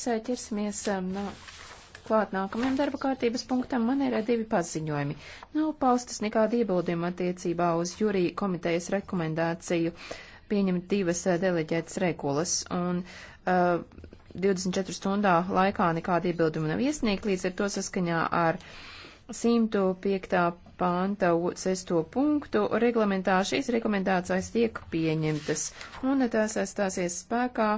Visai ķersimies um, nā, klāt nākamajam darba kārtības punktam. Man ir eh, divi paziņojumi. Nav paustas nekāda iebildījuma attiecībā uz jūrija komitejas rekomendāciju pieņemt divas eh, deleģētas regulas. Un, uh, eh, 24 stundā laikā nekāda iebilduma nav iesniegta, līdz ar to saskaņā ar 105. pānta 6. punktu reglamentā šīs rekomendācijas tiek pieņemtas, un tās atstāsies spēkā